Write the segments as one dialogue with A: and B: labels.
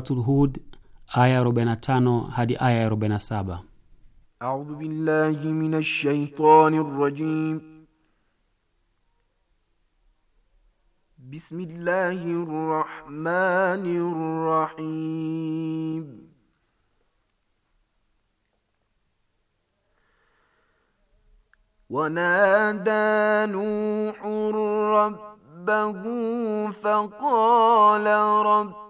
A: Suratul Hud aya 45 hadi aya 47.
B: أعوذ بالله من الشيطان الرجيم بسم الله الرحمن الرحيم ونادى نوح ربه فقال رب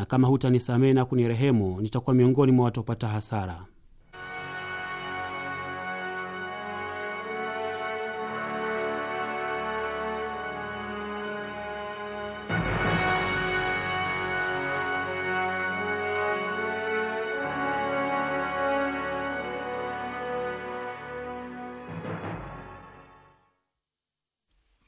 A: na kama hutanisamehe na kunirehemu nitakuwa miongoni mwa watopata hasara.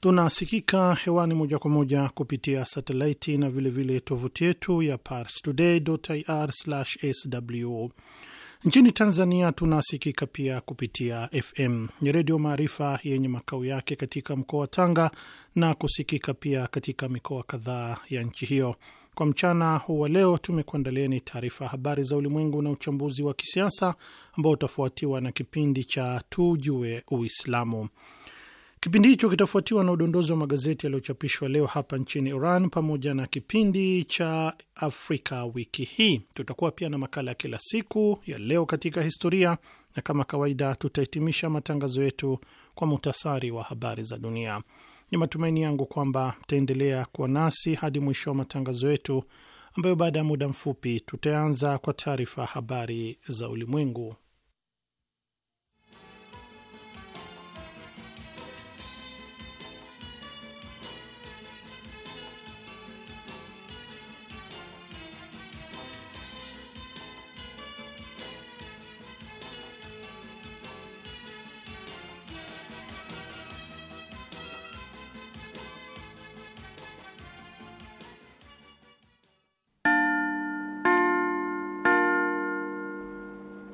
C: Tunasikika hewani moja kwa moja kupitia satelaiti na vilevile tovuti yetu ya parstoday.ir/sw. Nchini Tanzania tunasikika pia kupitia FM ni Redio Maarifa yenye makao yake katika mkoa wa Tanga na kusikika pia katika mikoa kadhaa ya nchi hiyo. Kwa mchana wa leo tumekuandalieni taarifa habari za ulimwengu na uchambuzi wa kisiasa ambao utafuatiwa na kipindi cha Tujue Uislamu. Kipindi hicho kitafuatiwa na udondozi wa magazeti yaliyochapishwa leo hapa nchini Iran, pamoja na kipindi cha Afrika wiki hii. Tutakuwa pia na makala ya kila siku ya leo katika historia, na kama kawaida tutahitimisha matangazo yetu kwa muhtasari wa habari za dunia. Ni matumaini yangu kwamba mtaendelea kuwa nasi hadi mwisho wa matangazo yetu, ambayo baada ya muda mfupi tutaanza kwa taarifa habari za ulimwengu.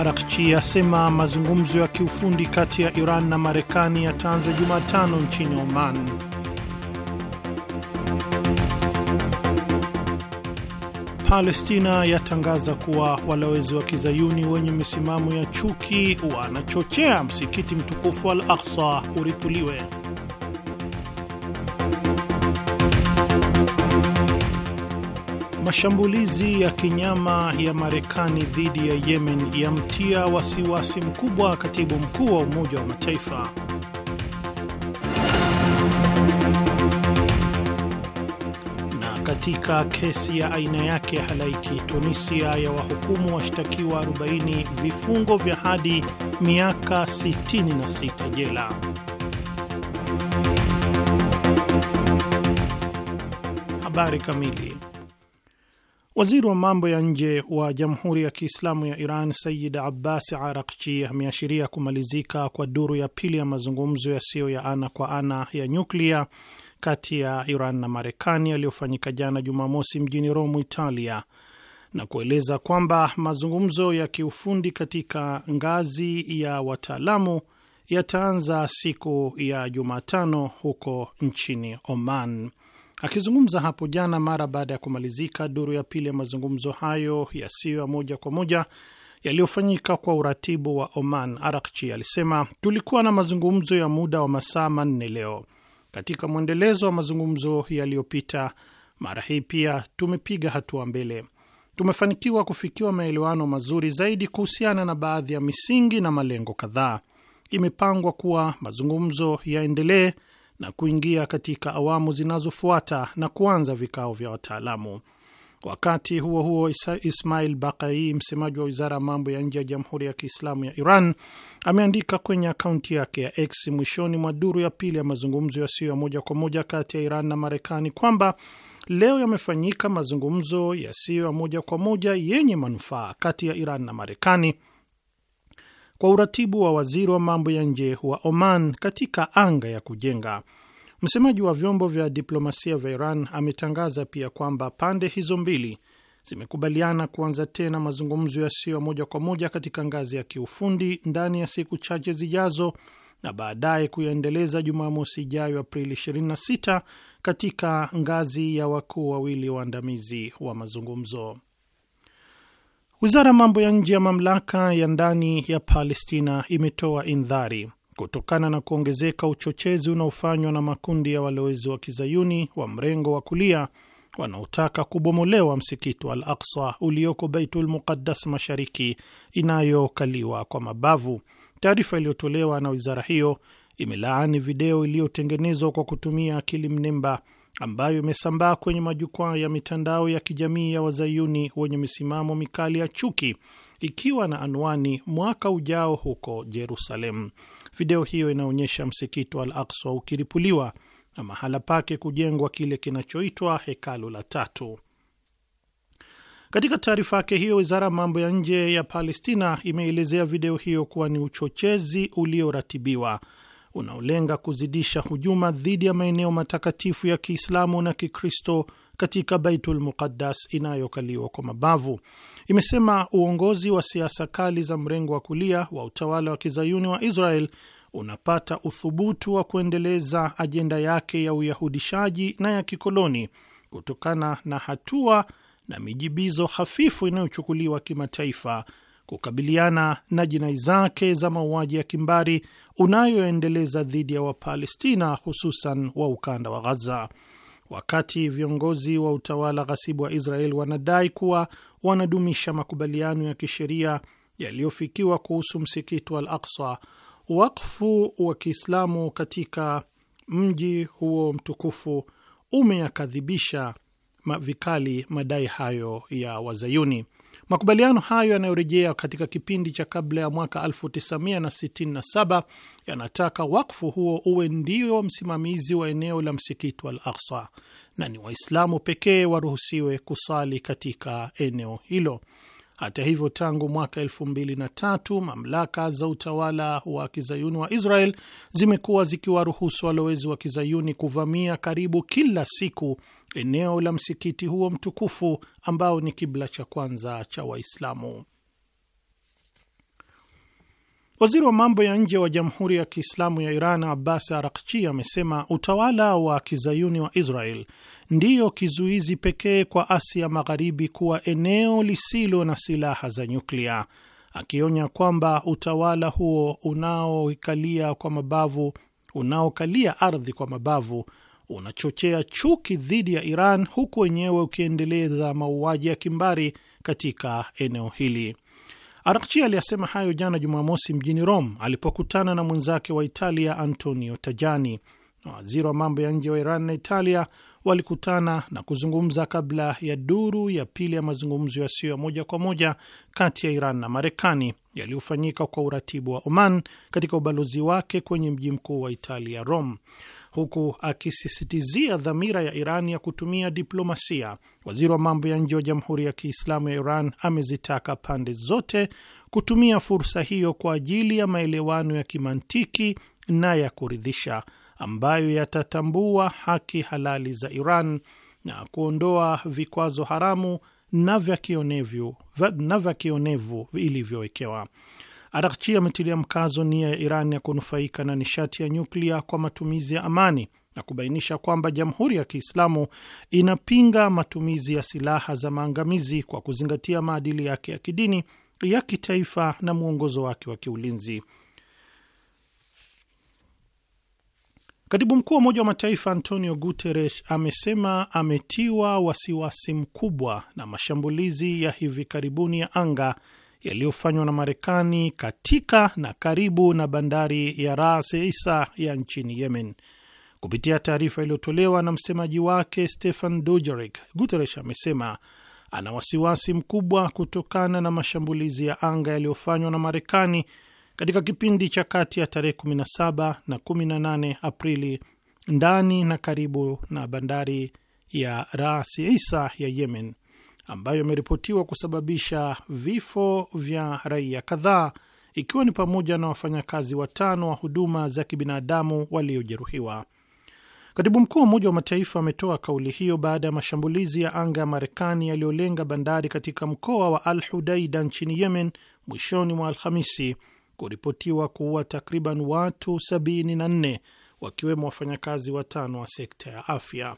C: Arakchi asema mazungumzo ya kiufundi kati ya Iran na Marekani yataanza Jumatano nchini Oman. Palestina yatangaza kuwa walowezi wa kizayuni wenye misimamo ya chuki wanachochea msikiti mtukufu Al aksa uripuliwe. Mashambulizi ya kinyama ya Marekani dhidi ya Yemen yamtia wasiwasi mkubwa katibu mkuu wa Umoja wa Mataifa. Na katika kesi ya aina yake halaiki, Tunisia ya wahukumu washtakiwa 40 vifungo vya hadi miaka 66 jela. Habari kamili Waziri wa mambo ya nje wa Jamhuri ya Kiislamu ya Iran Sayid Abbas Arakchi ameashiria kumalizika kwa duru ya pili ya mazungumzo yasiyo ya ana kwa ana ya nyuklia kati ya Iran na Marekani yaliyofanyika jana Jumamosi mjini romu Italia, na kueleza kwamba mazungumzo ya kiufundi katika ngazi ya wataalamu yataanza siku ya Jumatano huko nchini Oman. Akizungumza hapo jana mara baada ya kumalizika duru ya pili ya mazungumzo hayo yasiyo ya moja kwa moja yaliyofanyika kwa uratibu wa Oman, Arakchi alisema tulikuwa na mazungumzo ya muda wa masaa manne leo. Katika mwendelezo wa mazungumzo yaliyopita, mara hii pia tumepiga hatua mbele. Tumefanikiwa kufikiwa maelewano mazuri zaidi kuhusiana na baadhi ya misingi na malengo kadhaa. Imepangwa kuwa mazungumzo yaendelee na kuingia katika awamu zinazofuata na kuanza vikao vya wataalamu. Wakati huo huo, Ismail Bakai, msemaji wa wizara ya mambo ya nje ya Jamhuri ya Kiislamu ya Iran, ameandika kwenye akaunti yake ya X mwishoni mwa duru ya pili ya mazungumzo yasiyo ya moja kwa moja kati ya Iran na Marekani kwamba leo yamefanyika mazungumzo yasiyo ya moja kwa moja yenye manufaa kati ya Iran na Marekani kwa uratibu wa waziri wa mambo ya nje wa Oman katika anga ya kujenga. Msemaji wa vyombo vya diplomasia vya Iran ametangaza pia kwamba pande hizo mbili zimekubaliana kuanza tena mazungumzo yasiyo moja kwa moja katika ngazi ya kiufundi ndani ya siku chache zijazo na baadaye kuyaendeleza Jumamosi ijayo Aprili 26 katika ngazi ya wakuu wawili waandamizi wa mazungumzo. Wizara ya mambo ya nje ya mamlaka ya ndani ya Palestina imetoa indhari kutokana na kuongezeka uchochezi unaofanywa na makundi ya walowezi wa kizayuni wa mrengo wa kulia wanaotaka kubomolewa msikiti wa Al Aksa ulioko Baitul Muqaddas mashariki inayokaliwa kwa mabavu. Taarifa iliyotolewa na wizara hiyo imelaani video iliyotengenezwa kwa kutumia akili mnemba ambayo imesambaa kwenye majukwaa ya mitandao ya kijamii ya wazayuni wenye misimamo mikali ya chuki ikiwa na anwani mwaka ujao huko Jerusalem. Video hiyo inaonyesha msikiti wa Al Aksa ukiripuliwa na mahala pake kujengwa kile kinachoitwa hekalu la tatu. Katika taarifa yake hiyo, wizara ya mambo ya nje ya Palestina imeelezea video hiyo kuwa ni uchochezi ulioratibiwa unaolenga kuzidisha hujuma dhidi ya maeneo matakatifu ya Kiislamu na Kikristo katika Baitul Muqaddas inayokaliwa kwa mabavu. Imesema uongozi wa siasa kali za mrengo wa kulia wa utawala wa kizayuni wa Israel unapata uthubutu wa kuendeleza ajenda yake ya uyahudishaji na ya kikoloni kutokana na hatua na mijibizo hafifu inayochukuliwa kimataifa kukabiliana na jinai zake za mauaji ya kimbari unayoendeleza dhidi ya Wapalestina, hususan wa ukanda wa Ghaza. Wakati viongozi wa utawala ghasibu wa Israel wanadai kuwa wanadumisha makubaliano ya kisheria yaliyofikiwa kuhusu msikiti wa Al Aksa, wakfu wa Kiislamu katika mji huo mtukufu umeyakadhibisha vikali madai hayo ya Wazayuni. Makubaliano hayo yanayorejea katika kipindi cha kabla ya mwaka 1967 yanataka wakfu huo uwe ndio msimamizi wa eneo la msikiti wa Al Aksa na ni Waislamu pekee waruhusiwe kusali katika eneo hilo. Hata hivyo, tangu mwaka elfu mamlaka za utawala wa kizayuni wa Israel zimekuwa zikiwaruhusu walowezi wa kizayuni kuvamia karibu kila siku eneo la msikiti huo mtukufu ambao ni kibla cha kwanza cha Waislamu. Waziri wa mambo ya nje wa Jamhuri ya Kiislamu ya Iran Abbas Arakchi amesema utawala wa kizayuni wa Israel ndiyo kizuizi pekee kwa Asia Magharibi kuwa eneo lisilo na silaha za nyuklia, akionya kwamba utawala huo unaokalia kwa mabavu unaokalia ardhi kwa mabavu unachochea chuki dhidi ya Iran huku wenyewe ukiendeleza mauaji ya kimbari katika eneo hili. Arakchi aliyasema hayo jana Jumamosi mjini Rome alipokutana na mwenzake wa Italia Antonio Tajani waziri wa mambo ya nje wa Iran na Italia walikutana na kuzungumza kabla ya duru ya pili ya mazungumzo yasiyo ya moja kwa moja kati ya Iran na Marekani yaliyofanyika kwa uratibu wa Oman katika ubalozi wake kwenye mji mkuu wa Italia, Rome huku akisisitizia dhamira ya Iran ya kutumia diplomasia. Waziri wa mambo ya nje wa Jamhuri ya Kiislamu ya Iran amezitaka pande zote kutumia fursa hiyo kwa ajili ya maelewano ya kimantiki na ya kuridhisha ambayo yatatambua haki halali za Iran na kuondoa vikwazo haramu na vya kionevu vilivyowekewa. Arakchi ametilia mkazo nia ya Iran ya kunufaika na nishati ya nyuklia kwa matumizi ya amani na kubainisha kwamba Jamhuri ya Kiislamu inapinga matumizi ya silaha za maangamizi kwa kuzingatia maadili yake ya kidini, ya kitaifa na mwongozo wake wa kiulinzi. Katibu mkuu wa Umoja wa Mataifa Antonio Guterres amesema ametiwa wasiwasi mkubwa na mashambulizi ya hivi karibuni ya anga yaliyofanywa na Marekani katika na karibu na bandari ya Ras Isa ya nchini Yemen. Kupitia taarifa iliyotolewa na msemaji wake Stefan Dujarric, Guterres amesema ana wasiwasi mkubwa kutokana na mashambulizi ya anga yaliyofanywa na Marekani katika kipindi cha kati ya tarehe 17 na 18 Aprili ndani na karibu na bandari ya Ras Isa ya Yemen ambayo imeripotiwa kusababisha vifo vya raia kadhaa ikiwa ni pamoja na wafanyakazi watano wa huduma za kibinadamu waliojeruhiwa. Katibu mkuu wa Umoja wa Mataifa ametoa kauli hiyo baada ya mashambulizi ya anga ya Marekani yaliyolenga bandari katika mkoa wa Al Hudaida nchini Yemen mwishoni mwa Alhamisi kuripotiwa kuua takriban watu 74 wakiwemo wafanyakazi watano wa sekta ya afya.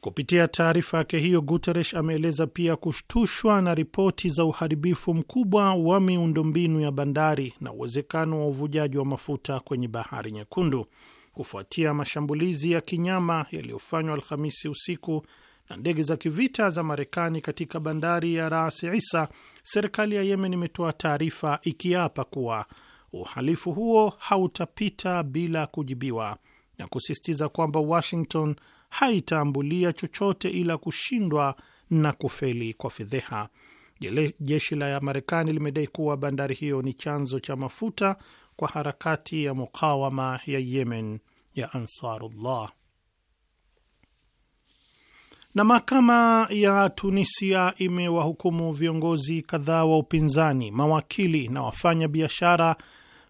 C: Kupitia taarifa yake hiyo, Guterres ameeleza pia kushtushwa na ripoti za uharibifu mkubwa wa miundombinu ya bandari na uwezekano wa uvujaji wa mafuta kwenye bahari Nyekundu kufuatia mashambulizi ya kinyama yaliyofanywa Alhamisi usiku na ndege za kivita za Marekani katika bandari ya Ras Isa. Serikali ya Yemen imetoa taarifa ikiapa kuwa uhalifu huo hautapita bila kujibiwa na kusisitiza kwamba Washington haitaambulia chochote ila kushindwa na kufeli kwa fedheha. Jeshi la Marekani limedai kuwa bandari hiyo ni chanzo cha mafuta kwa harakati ya mukawama ya Yemen ya Ansarullah. Na mahakama ya Tunisia imewahukumu viongozi kadhaa wa upinzani, mawakili na wafanya biashara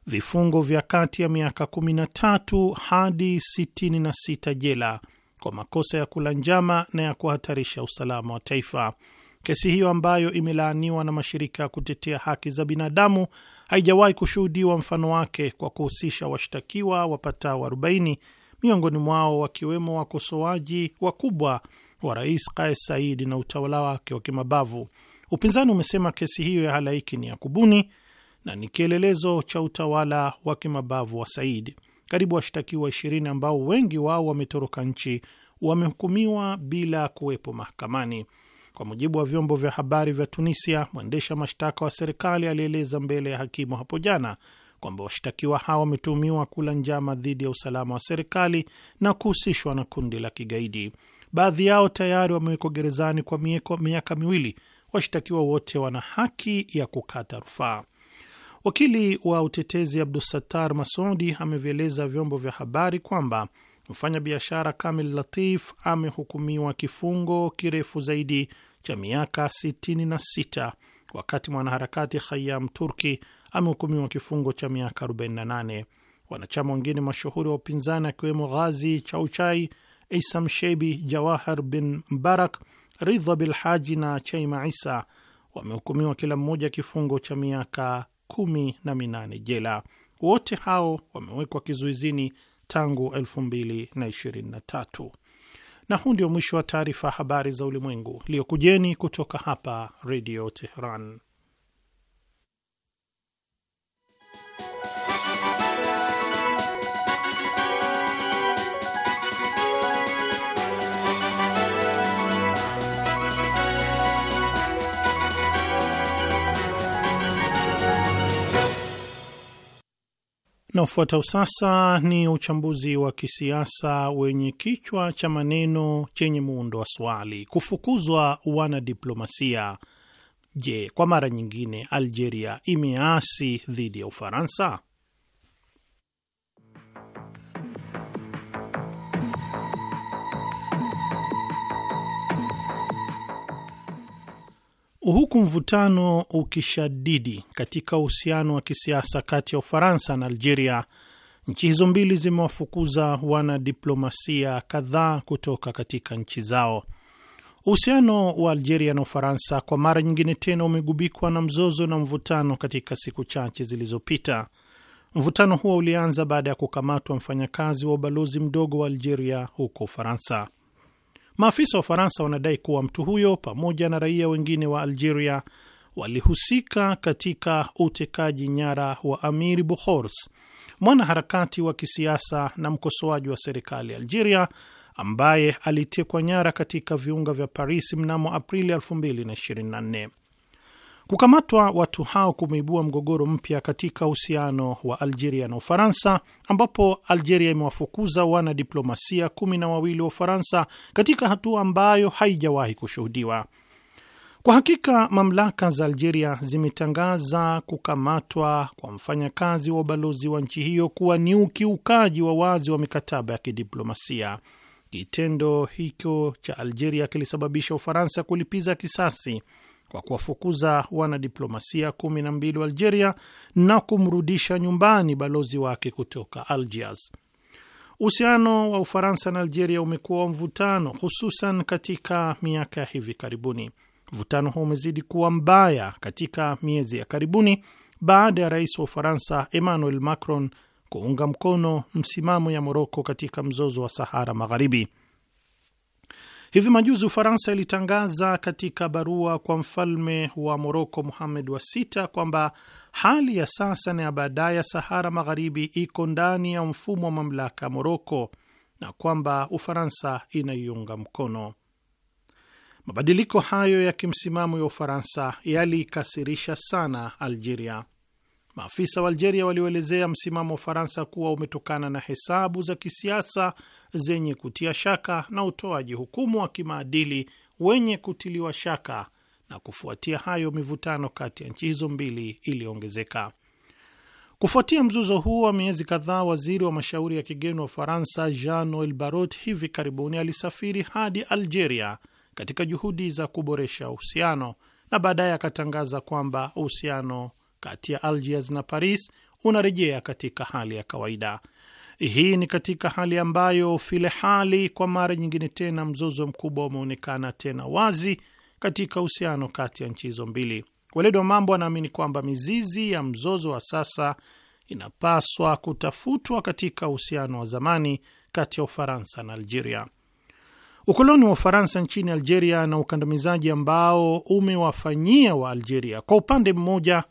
C: vifungo vya kati ya miaka 13 hadi 66 jela kwa makosa ya kula njama na ya kuhatarisha usalama wa taifa. Kesi hiyo ambayo imelaaniwa na mashirika ya kutetea haki za binadamu haijawahi kushuhudiwa mfano wake kwa kuhusisha washtakiwa wapatao 40 miongoni mwao wakiwemo wakosoaji wakubwa wa Rais Kais Saied na utawala wake wa kimabavu. Upinzani umesema kesi hiyo ya halaiki ni ya kubuni na ni kielelezo cha utawala wa kimabavu wa Saidi. Karibu washtakiwa ishirini ambao wengi wao wametoroka nchi wamehukumiwa bila kuwepo mahakamani. Kwa mujibu wa vyombo vya habari vya Tunisia, mwendesha mashtaka wa serikali alieleza mbele ya hakimu hapo jana kwamba washtakiwa hao wametuhumiwa kula njama dhidi ya usalama wa serikali na kuhusishwa na kundi la kigaidi. Baadhi yao tayari wamewekwa gerezani kwa miaka miwili. Washtakiwa wote wana haki ya kukata rufaa. Wakili wa utetezi Abdusattar Masudi amevieleza vyombo vya habari kwamba mfanyabiashara Kamil Latif amehukumiwa kifungo kirefu zaidi cha miaka 66 wakati mwanaharakati Khayam Turki amehukumiwa kifungo cha miaka 48. Wanachama wengine mashuhuri wa upinzani akiwemo Ghazi Chauchai, Isam Shebi, Jawahar bin Mbarak, Ridha Bilhaji na Chaima Isa wamehukumiwa kila mmoja kifungo cha miaka minane jela. Wote hao wamewekwa kizuizini tangu mbili Na huu ndio mwisho wa taarifa habari za ulimwengu iliyokujeni kutoka hapa Redio Teheran. Na ufuatao sasa ni uchambuzi wa kisiasa wenye kichwa cha maneno chenye muundo wa swali: kufukuzwa wanadiplomasia. Je, kwa mara nyingine Algeria imeasi dhidi ya Ufaransa? Huku mvutano ukishadidi katika uhusiano wa kisiasa kati ya Ufaransa na Algeria, nchi hizo mbili zimewafukuza wanadiplomasia kadhaa kutoka katika nchi zao. Uhusiano wa Algeria na Ufaransa kwa mara nyingine tena umegubikwa na mzozo na mvutano katika siku chache zilizopita. Mvutano huo ulianza baada ya kukamatwa mfanyakazi wa ubalozi mdogo wa Algeria huko Ufaransa. Maafisa wa Ufaransa wanadai kuwa mtu huyo pamoja na raia wengine wa Algeria walihusika katika utekaji nyara wa Amir Buhors, mwanaharakati wa kisiasa na mkosoaji wa serikali ya Algeria ambaye alitekwa nyara katika viunga vya Paris mnamo Aprili 2024. Kukamatwa watu hao kumeibua mgogoro mpya katika uhusiano wa Algeria na Ufaransa, ambapo Algeria imewafukuza wanadiplomasia kumi na wawili wa Ufaransa katika hatua ambayo haijawahi kushuhudiwa. Kwa hakika mamlaka za Algeria zimetangaza kukamatwa kwa mfanyakazi wa ubalozi wa nchi hiyo kuwa ni ukiukaji wa wazi wa mikataba ya kidiplomasia. Kitendo hicho cha Algeria kilisababisha Ufaransa kulipiza kisasi kwa kuwafukuza wanadiplomasia kumi na mbili wa Algeria na kumrudisha nyumbani balozi wake kutoka Algiers. Uhusiano wa Ufaransa na Algeria umekuwa wa mvutano, hususan katika miaka ya hivi karibuni. Mvutano huu umezidi kuwa mbaya katika miezi ya karibuni baada ya rais wa Ufaransa Emmanuel Macron kuunga mkono msimamo ya Moroko katika mzozo wa Sahara Magharibi. Hivi majuzi Ufaransa ilitangaza katika barua kwa mfalme wa Moroko Muhamed wa sita kwamba hali ya sasa na ya baadaye ya Sahara Magharibi iko ndani ya mfumo wa mamlaka ya Moroko na kwamba Ufaransa inaiunga mkono. Mabadiliko hayo ya kimsimamo ya Ufaransa yalikasirisha sana Algeria. Maafisa wa Algeria walioelezea msimamo wa Ufaransa kuwa umetokana na hesabu za kisiasa zenye kutia shaka na utoaji hukumu wa kimaadili wenye kutiliwa shaka, na kufuatia hayo mivutano kati ya nchi hizo mbili iliyoongezeka. Kufuatia mzozo huu wa miezi kadhaa, waziri wa mashauri ya kigeni wa Ufaransa Jean Noel Barrot hivi karibuni alisafiri hadi Algeria katika juhudi za kuboresha uhusiano na baadaye akatangaza kwamba uhusiano kati ya Algiers na Paris unarejea katika hali ya kawaida. Hii ni katika hali ambayo filehali kwa mara nyingine tena mzozo mkubwa umeonekana tena wazi katika uhusiano kati ya nchi hizo mbili. Weledi wa mambo anaamini kwamba mizizi ya mzozo wa sasa inapaswa kutafutwa katika uhusiano wa zamani kati ya Ufaransa na Algeria. Ukoloni wa Ufaransa nchini Algeria na ukandamizaji ambao umewafanyia wa Algeria kwa upande mmoja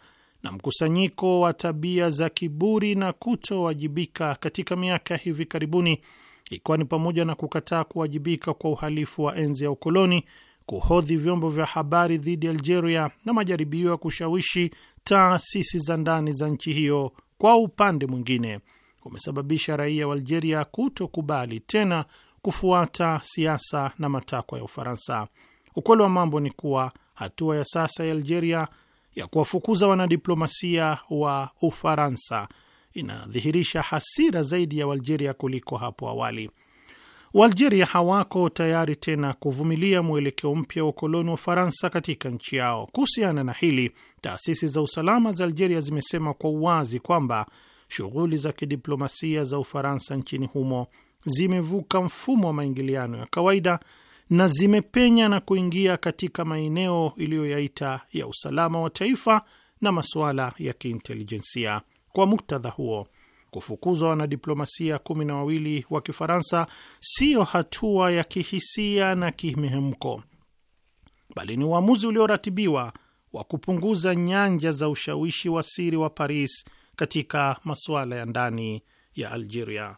C: na mkusanyiko wa tabia za kiburi na kutowajibika katika miaka ya hivi karibuni, ikiwa ni pamoja na kukataa kuwajibika kwa uhalifu wa enzi ya ukoloni, kuhodhi vyombo vya habari dhidi ya Algeria na majaribio ya kushawishi taasisi za ndani za nchi hiyo, kwa upande mwingine, umesababisha raia wa Algeria kutokubali tena kufuata siasa na matakwa ya Ufaransa. Ukweli wa mambo ni kuwa hatua ya sasa ya Algeria ya kuwafukuza wanadiplomasia wa Ufaransa inadhihirisha hasira zaidi ya Walgeria kuliko hapo awali. Waalgeria hawako tayari tena kuvumilia mwelekeo mpya wa ukoloni wa Ufaransa katika nchi yao. Kuhusiana na hili, taasisi za usalama za Algeria zimesema kwa uwazi kwamba shughuli za kidiplomasia za Ufaransa nchini humo zimevuka mfumo wa maingiliano ya kawaida na zimepenya na kuingia katika maeneo iliyoyaita ya usalama wa taifa na masuala ya kiintelijensia. Kwa muktadha huo, kufukuzwa wanadiplomasia kumi na wawili wa Kifaransa siyo hatua ya kihisia na kimehemko bali ni uamuzi ulioratibiwa wa kupunguza nyanja za ushawishi wa siri wa Paris katika masuala ya ndani ya Algeria.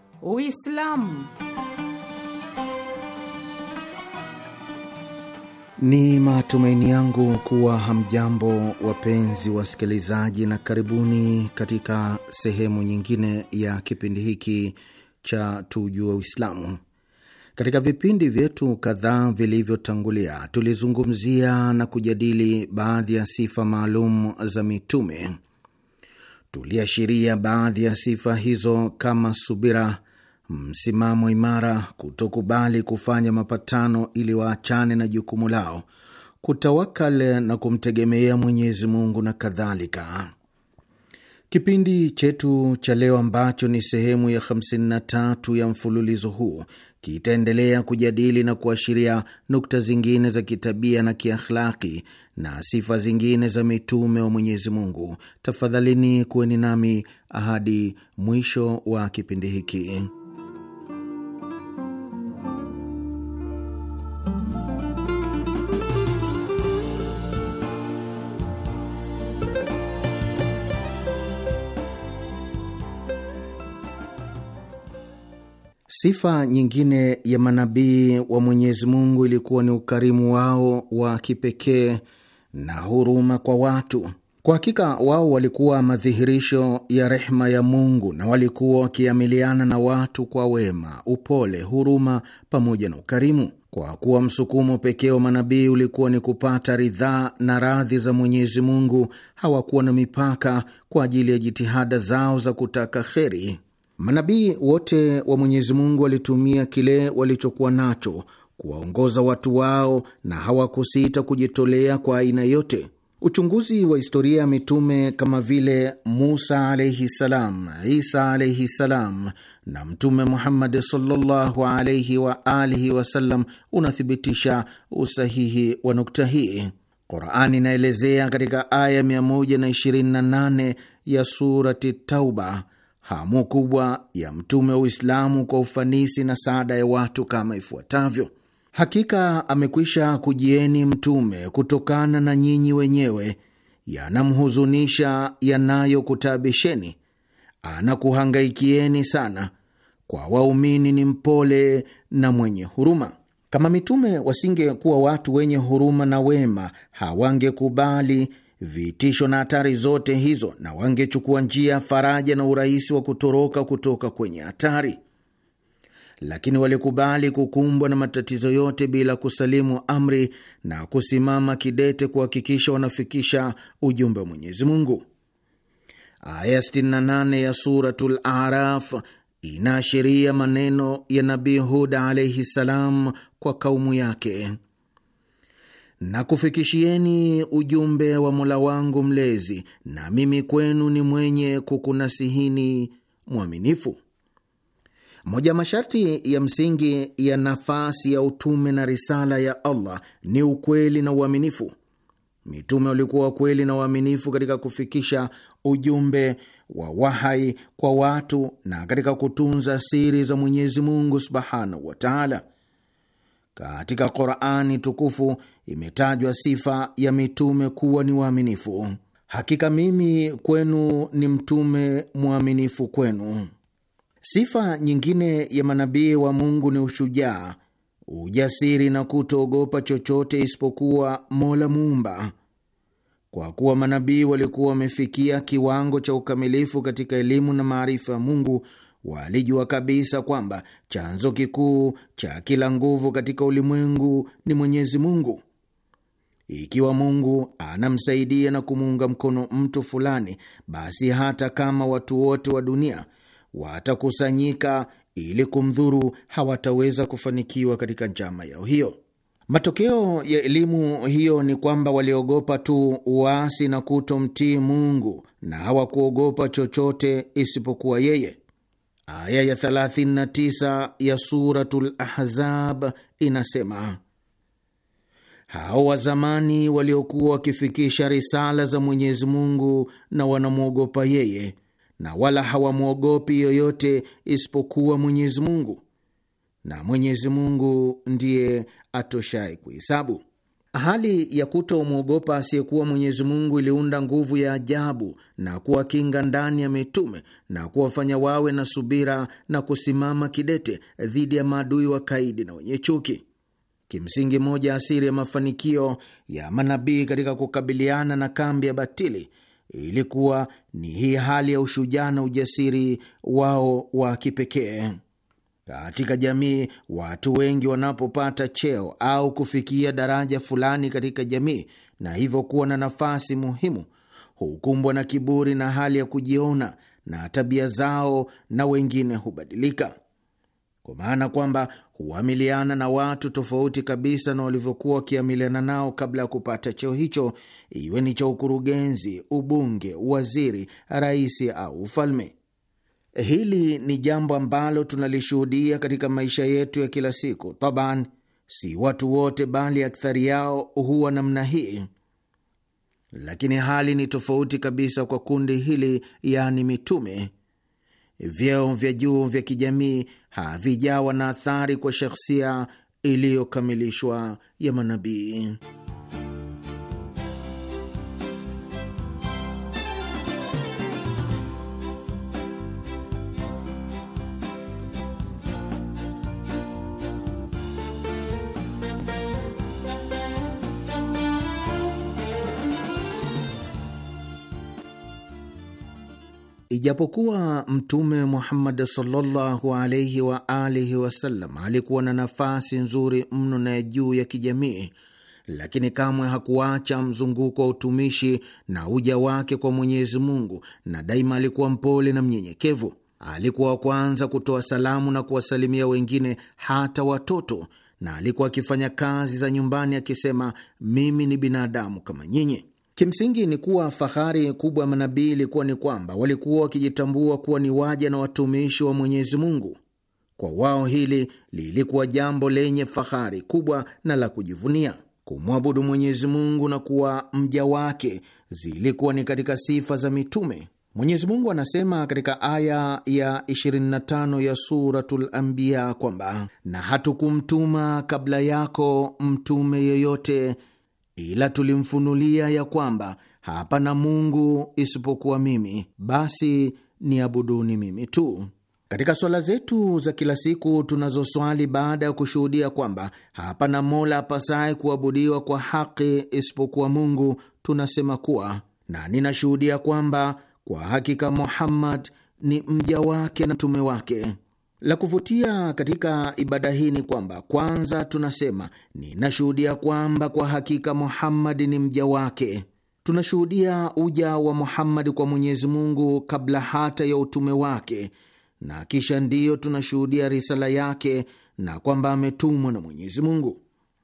D: Uislamu.
E: Ni matumaini yangu kuwa hamjambo wapenzi wasikilizaji, na karibuni katika sehemu nyingine ya kipindi hiki cha Tujue Uislamu. Katika vipindi vyetu kadhaa vilivyotangulia, tulizungumzia na kujadili baadhi ya sifa maalum za mitume. Tuliashiria baadhi ya sifa hizo kama subira msimamo imara, kutokubali kufanya mapatano ili waachane na jukumu lao, kutawakal na kumtegemea Mwenyezi Mungu na kadhalika. Kipindi chetu cha leo ambacho ni sehemu ya 53 ya mfululizo huu kitaendelea kujadili na kuashiria nukta zingine za kitabia na kiakhlaki na sifa zingine za mitume wa Mwenyezi Mungu. Tafadhalini kuweni nami ahadi mwisho wa kipindi hiki. Sifa nyingine ya manabii wa Mwenyezi Mungu ilikuwa ni ukarimu wao wa kipekee na huruma kwa watu. Kwa hakika wao walikuwa madhihirisho ya rehma ya Mungu na walikuwa wakiamiliana na watu kwa wema, upole, huruma pamoja na ukarimu. Kwa kuwa msukumo pekee wa manabii ulikuwa ni kupata ridhaa na radhi za Mwenyezi Mungu, hawakuwa na mipaka kwa ajili ya jitihada zao za kutaka kheri. Manabii wote wa Mwenyezi Mungu walitumia kile walichokuwa nacho kuwaongoza watu wao na hawakusita kujitolea kwa aina yote. Uchunguzi wa historia ya mitume kama vile Musa alaihi salam, Isa alaihi salam na Mtume Muhammad sallallahu alaihi wa alihi wasallam unathibitisha usahihi wa nukta hii. Qurani inaelezea katika aya 128 ya Surati Tauba hamu kubwa ya mtume wa Uislamu kwa ufanisi na saada ya watu kama ifuatavyo: hakika amekwisha kujieni mtume kutokana na nyinyi wenyewe, yanamhuzunisha yanayokutabisheni, anakuhangaikieni sana, kwa waumini ni mpole na mwenye huruma. Kama mitume wasingekuwa watu wenye huruma na wema, hawangekubali vitisho na hatari zote hizo, na wangechukua njia faraja na urahisi wa kutoroka kutoka kwenye hatari, lakini walikubali kukumbwa na matatizo yote bila kusalimu amri na kusimama kidete kuhakikisha wanafikisha ujumbe wa Mwenyezi Mungu. Aya 68 ya Suratul Araf inaashiria maneno ya Nabii Hud alaihi salam kwa kaumu yake na kufikishieni ujumbe wa Mola wangu Mlezi, na mimi kwenu ni mwenye kukunasihini mwaminifu. Moja masharti ya msingi ya nafasi ya utume na risala ya Allah ni ukweli na uaminifu. Mitume walikuwa wakweli na waaminifu katika kufikisha ujumbe wa wahai kwa watu na katika kutunza siri za Mwenyezi Mungu subhanahu wa taala. Katika Qurani tukufu imetajwa sifa ya mitume kuwa ni waaminifu. Hakika mimi kwenu ni mtume mwaminifu kwenu. Sifa nyingine ya manabii wa Mungu ni ushujaa, ujasiri na kutoogopa chochote isipokuwa Mola Muumba. Kwa kuwa manabii walikuwa wamefikia kiwango cha ukamilifu katika elimu na maarifa ya Mungu walijua kabisa kwamba chanzo kikuu cha kila nguvu katika ulimwengu ni Mwenyezi Mungu. Ikiwa Mungu anamsaidia na kumuunga mkono mtu fulani, basi hata kama watu wote wa dunia watakusanyika ili kumdhuru, hawataweza kufanikiwa katika njama yao hiyo. Matokeo ya elimu hiyo ni kwamba waliogopa tu uasi na kutomtii Mungu na hawakuogopa chochote isipokuwa yeye. Aya ya 39 ya Suratul Ahzab inasema, hao wa zamani waliokuwa wakifikisha risala za Mwenyezi Mungu na wanamwogopa yeye na wala hawamwogopi yoyote isipokuwa Mwenyezi Mungu, na Mwenyezi Mungu ndiye atoshaye kuhesabu. Hali ya kutomwogopa asiyekuwa Mwenyezi Mungu iliunda nguvu ya ajabu na kuwakinga ndani ya mitume na kuwafanya wawe na subira na kusimama kidete dhidi ya maadui wa kaidi na wenye chuki. Kimsingi, moja asiri ya mafanikio ya manabii katika kukabiliana na kambi ya batili ilikuwa ni hii hali ya ushujaa na ujasiri wao wa kipekee. Katika jamii, watu wengi wanapopata cheo au kufikia daraja fulani katika jamii na hivyo kuwa na nafasi muhimu, hukumbwa na kiburi na hali ya kujiona, na tabia zao na wengine hubadilika, kwa maana kwamba huamiliana na watu tofauti kabisa na walivyokuwa wakiamiliana nao kabla ya kupata cheo hicho, iwe ni cha ukurugenzi, ubunge, waziri, rais au ufalme. Hili ni jambo ambalo tunalishuhudia katika maisha yetu ya kila siku. Taban, si watu wote, bali akthari yao huwa namna hii, lakini hali ni tofauti kabisa kwa kundi hili, yaani mitume. Vyeo vya juu vya kijamii havijawa na athari kwa shakhsia iliyokamilishwa ya manabii. Ijapokuwa Mtume Muhammad sallallahu alaihi wa alihi wasallam alikuwa na nafasi nzuri mno na juu ya kijamii, lakini kamwe hakuacha mzunguko wa utumishi na uja wake kwa Mwenyezi Mungu, na daima alikuwa mpole na mnyenyekevu. Alikuwa wa kwanza kutoa salamu na kuwasalimia wengine, hata watoto, na alikuwa akifanya kazi za nyumbani akisema, mimi ni binadamu kama nyinyi. Kimsingi ni kuwa fahari kubwa ya manabii ilikuwa ni kwamba walikuwa wakijitambua kuwa ni waja na watumishi wa Mwenyezi Mungu. Kwa wao hili lilikuwa jambo lenye fahari kubwa na la kujivunia. Kumwabudu Mwenyezi Mungu na kuwa mja wake zilikuwa ni katika sifa za mitume. Mwenyezi Mungu anasema katika aya ya 25 ya Suratul Anbiya kwamba na hatukumtuma kabla yako mtume yeyote ila tulimfunulia ya kwamba hapana Mungu isipokuwa mimi, basi niabuduni mimi tu. Katika swala zetu za kila siku tunazoswali baada ya kushuhudia kwamba hapana mola apasaye kuabudiwa kwa haki isipokuwa Mungu, tunasema kuwa na ninashuhudia kwamba kwa hakika Muhammad ni mja wake na mtume wake. La kuvutia katika ibada hii ni kwamba kwanza tunasema ninashuhudia kwamba kwa hakika Muhammad ni mja wake. Tunashuhudia uja wa Muhammad kwa Mwenyezi Mungu kabla hata ya utume wake, na kisha ndiyo tunashuhudia risala yake na kwamba ametumwa na Mwenyezi Mungu.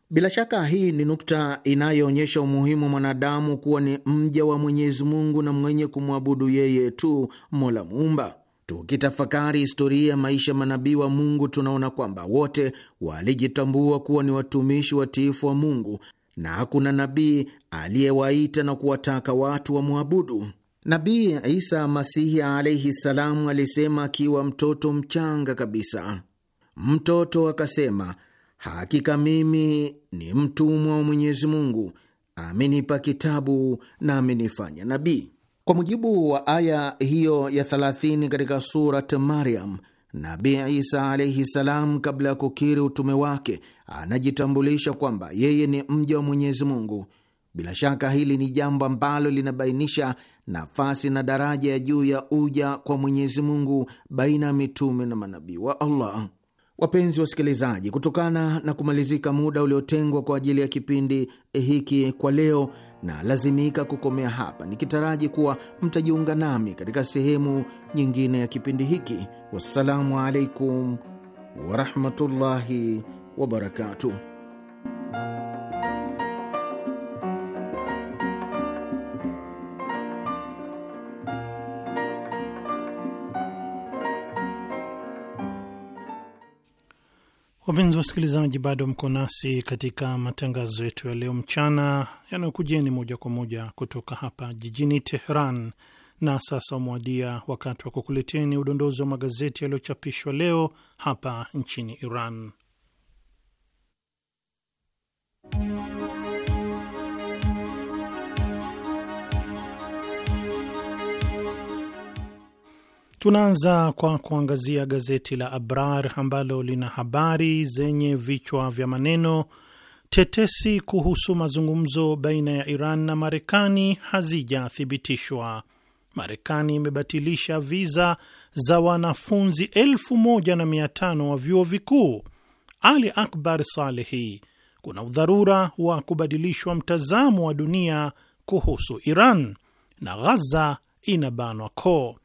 E: Bila shaka hii ni nukta inayoonyesha umuhimu wa mwanadamu kuwa ni mja wa Mwenyezi Mungu na mwenye kumwabudu yeye tu, Mola Muumba. Tukitafakari historia ya maisha ya manabii wa Mungu, tunaona kwamba wote walijitambua kuwa ni watumishi watiifu wa Mungu na hakuna nabii aliyewaita na kuwataka watu wamwabudu. Nabii Isa Masihi alaihi salamu alisema akiwa mtoto mchanga kabisa. Mtoto akasema, hakika mimi ni mtumwa wa Mwenyezi Mungu, amenipa kitabu na amenifanya nabii. Kwa mujibu wa aya hiyo ya 30 katika Surat Maryam, Nabi Isa alaihi salam, kabla ya kukiri utume wake, anajitambulisha kwamba yeye ni mja wa Mwenyezi Mungu. Bila shaka hili ni jambo ambalo linabainisha nafasi na daraja ya juu ya uja kwa Mwenyezi Mungu baina ya mitume na manabii wa Allah. Wapenzi wasikilizaji, kutokana na kumalizika muda uliotengwa kwa ajili ya kipindi hiki kwa leo na lazimika kukomea hapa nikitaraji kuwa mtajiunga nami katika sehemu nyingine ya kipindi hiki. Wassalamu alaikum warahmatullahi wabarakatuh.
C: Wapenzi wasikilizaji, bado mko nasi katika matangazo yetu ya leo mchana yanayokujeni moja kwa moja kutoka hapa jijini Teheran. Na sasa umewadia wakati wa kukuleteni udondozi wa magazeti yaliyochapishwa leo hapa nchini Iran. Tunaanza kwa kuangazia gazeti la Abrar ambalo lina habari zenye vichwa vya maneno: tetesi kuhusu mazungumzo baina ya Iran na Marekani hazijathibitishwa, Marekani imebatilisha viza za wanafunzi 15 wa vyuo vikuu, Ali Akbar Salehi, kuna udharura wa kubadilishwa mtazamo wa dunia kuhusu Iran, na Ghaza inabanwa koo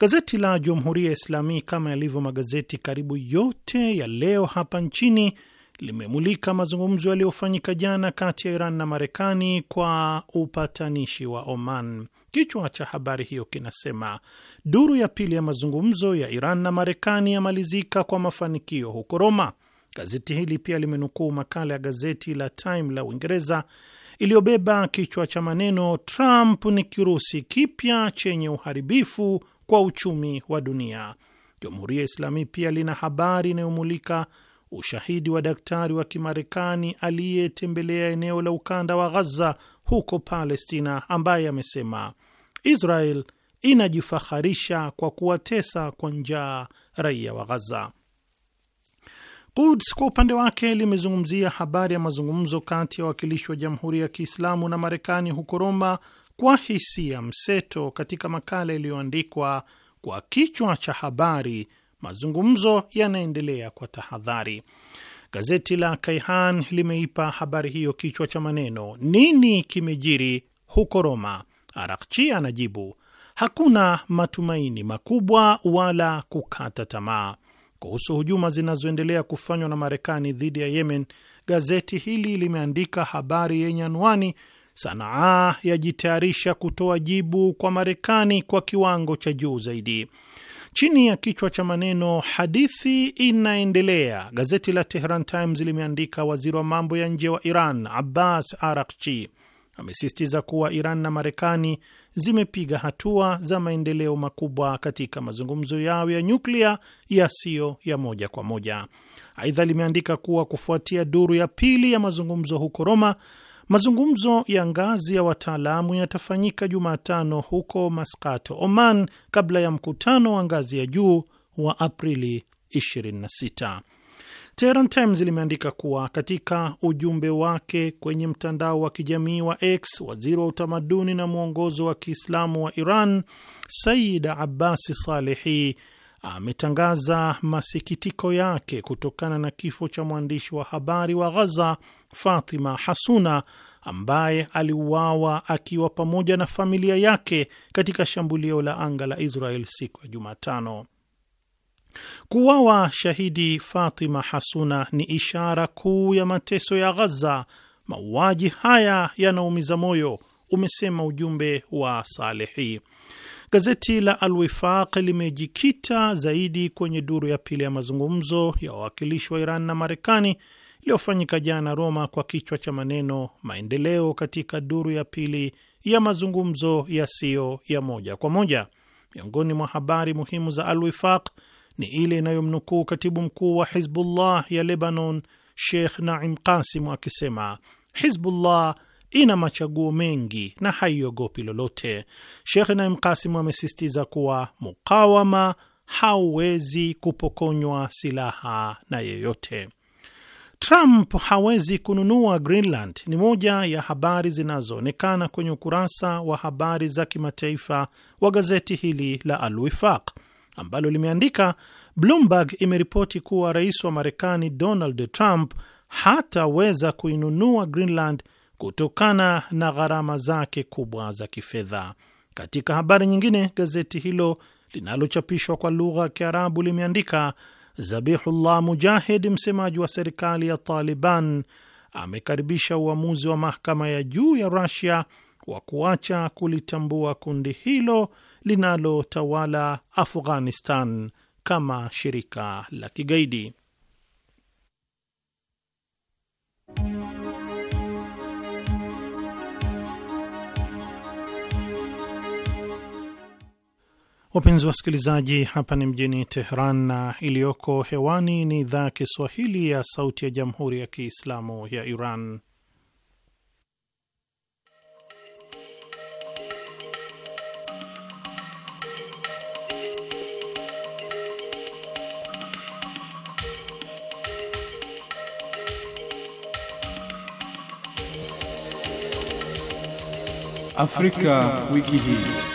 C: Gazeti la Jumhuria ya Islami, kama yalivyo magazeti karibu yote ya leo hapa nchini, limemulika mazungumzo yaliyofanyika jana kati ya Iran na Marekani kwa upatanishi wa Oman. Kichwa cha habari hiyo kinasema duru ya pili ya mazungumzo ya Iran na Marekani yamalizika kwa mafanikio huko Roma. Gazeti hili pia limenukuu makala ya gazeti la Time la Uingereza iliyobeba kichwa cha maneno Trump ni kirusi kipya chenye uharibifu kwa uchumi wa dunia. Jamhuri ya Islami pia lina habari inayomulika ushahidi wa daktari wa Kimarekani aliyetembelea eneo la ukanda wa Ghaza huko Palestina, ambaye amesema Israel inajifaharisha kwa kuwatesa kwa njaa raia wa Ghaza. Quds kwa upande wake limezungumzia habari ya mazungumzo kati ya wawakilishi wa Jamhuri ya Kiislamu na Marekani huko Roma kwa hisia mseto katika makala iliyoandikwa kwa kichwa cha habari mazungumzo yanaendelea kwa tahadhari. Gazeti la Kaihan limeipa habari hiyo kichwa cha maneno, nini kimejiri huko Roma? Arakchi anajibu hakuna matumaini makubwa wala kukata tamaa. Kuhusu hujuma zinazoendelea kufanywa na Marekani dhidi ya Yemen, gazeti hili limeandika habari yenye anwani Sanaa yajitayarisha kutoa jibu kwa Marekani kwa kiwango cha juu zaidi. Chini ya kichwa cha maneno hadithi inaendelea, gazeti la Tehran Times limeandika waziri wa mambo ya nje wa Iran Abbas Arakchi amesisitiza kuwa Iran na Marekani zimepiga hatua za maendeleo makubwa katika mazungumzo yao ya nyuklia yasiyo ya moja kwa moja. Aidha limeandika kuwa kufuatia duru ya pili ya mazungumzo huko Roma, Mazungumzo ya ngazi ya wataalamu yatafanyika Jumatano huko maskat Oman, kabla ya mkutano wa ngazi ya juu wa Aprili 26. Tehran Times limeandika kuwa katika ujumbe wake kwenye mtandao wa kijamii wa X, waziri wa utamaduni na mwongozo wa Kiislamu wa Iran Said abasi Salehi ametangaza masikitiko yake kutokana na kifo cha mwandishi wa habari wa Ghaza Fatima Hasuna ambaye aliuawa akiwa pamoja na familia yake katika shambulio la anga la Israel siku ya Jumatano. Kuuawa shahidi Fatima Hasuna ni ishara kuu ya mateso ya Ghaza. Mauaji haya yanaumiza moyo, umesema ujumbe wa Salehi. Gazeti la Alwifaq limejikita zaidi kwenye duru ya pili ya mazungumzo ya wawakilishi wa Iran na Marekani iliyofanyika jana Roma kwa kichwa cha maneno maendeleo katika duru ya pili ya mazungumzo yasiyo ya moja kwa moja. Miongoni mwa habari muhimu za alwifaq ni ile inayomnukuu katibu mkuu wa Hizbullah ya Lebanon, Sheikh Naim Qasim akisema Hizbullah ina machaguo mengi na haiogopi lolote. Sheikh Naim Qasim amesisitiza kuwa mukawama hauwezi kupokonywa silaha na yeyote. Trump hawezi kununua Greenland ni moja ya habari zinazoonekana kwenye ukurasa wa habari za kimataifa wa gazeti hili la Alwifaq ambalo limeandika, Bloomberg imeripoti kuwa rais wa Marekani Donald Trump hataweza kuinunua Greenland kutokana na gharama zake kubwa za kifedha. Katika habari nyingine, gazeti hilo linalochapishwa kwa lugha ya Kiarabu limeandika Zabihullah Mujahid, msemaji wa serikali ya Taliban, amekaribisha uamuzi wa mahakama ya juu ya Rusia wa kuacha kulitambua kundi hilo linalotawala Afghanistan kama shirika la kigaidi. Wapenzi wasikilizaji, hapa ni mjini Teheran na iliyoko hewani ni idhaa ya Kiswahili ya Sauti ya Jamhuri ya Kiislamu ya Iran. Afrika, Afrika wiki hii.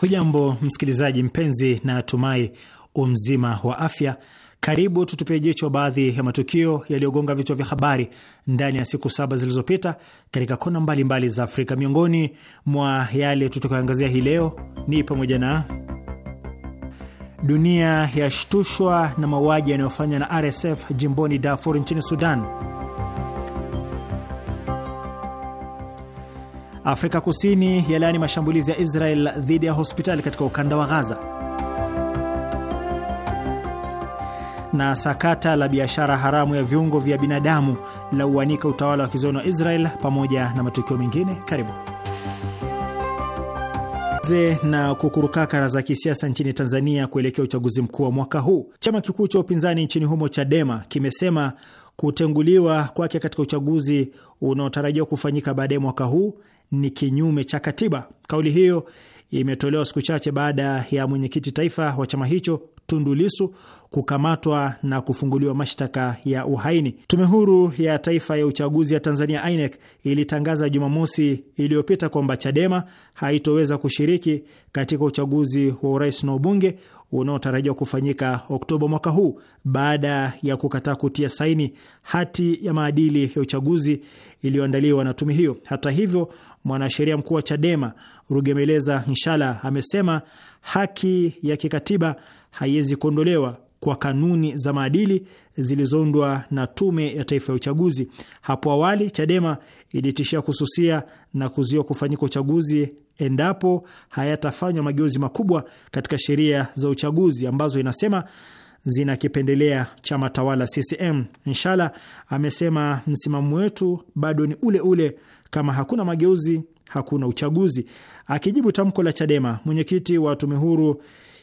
F: Hujambo msikilizaji mpenzi, na tumai umzima wa afya. Karibu tutupie jicho baadhi ya matukio yaliyogonga vichwa vya habari ndani ya siku saba zilizopita katika kona mbalimbali mbali za Afrika. Miongoni mwa yale tutakayoangazia hii leo ni pamoja na dunia yashtushwa na mauaji yanayofanywa na RSF jimboni Darfur nchini Sudan. Afrika Kusini yalaani mashambulizi ya Israel dhidi ya hospitali katika ukanda wa Gaza, na sakata la biashara haramu ya viungo vya binadamu la uanika utawala wa kizoni wa Israel, pamoja na matukio mengine. Karibu na kukurukakara za kisiasa nchini Tanzania kuelekea uchaguzi mkuu wa mwaka huu. Chama kikuu cha upinzani nchini humo Chadema kimesema kutenguliwa kwake katika uchaguzi unaotarajiwa kufanyika baadaye mwaka huu ni kinyume cha katiba. Kauli hiyo imetolewa siku chache baada ya mwenyekiti taifa wa chama hicho Tundu Lisu kukamatwa na kufunguliwa mashtaka ya uhaini. Tume huru ya taifa ya uchaguzi ya Tanzania INEC ilitangaza Jumamosi iliyopita kwamba Chadema haitoweza kushiriki katika uchaguzi wa urais na ubunge unaotarajiwa kufanyika Oktoba mwaka huu baada ya kukataa kutia saini hati ya maadili ya uchaguzi iliyoandaliwa na tume hiyo. Hata hivyo, mwanasheria mkuu wa Chadema Rugemeleza Nshala amesema haki ya kikatiba haiwezi kuondolewa kwa kanuni za maadili zilizoundwa na Tume ya Taifa ya Uchaguzi. Hapo awali, Chadema ilitishia kususia na kuzuia kufanyika uchaguzi endapo hayatafanywa mageuzi makubwa katika sheria za uchaguzi ambazo inasema zinakipendelea chama tawala CCM. Inshala amesema msimamo wetu bado ni ule ule, kama hakuna mageuzi hakuna uchaguzi. Akijibu tamko la Chadema, mwenyekiti wa tume huru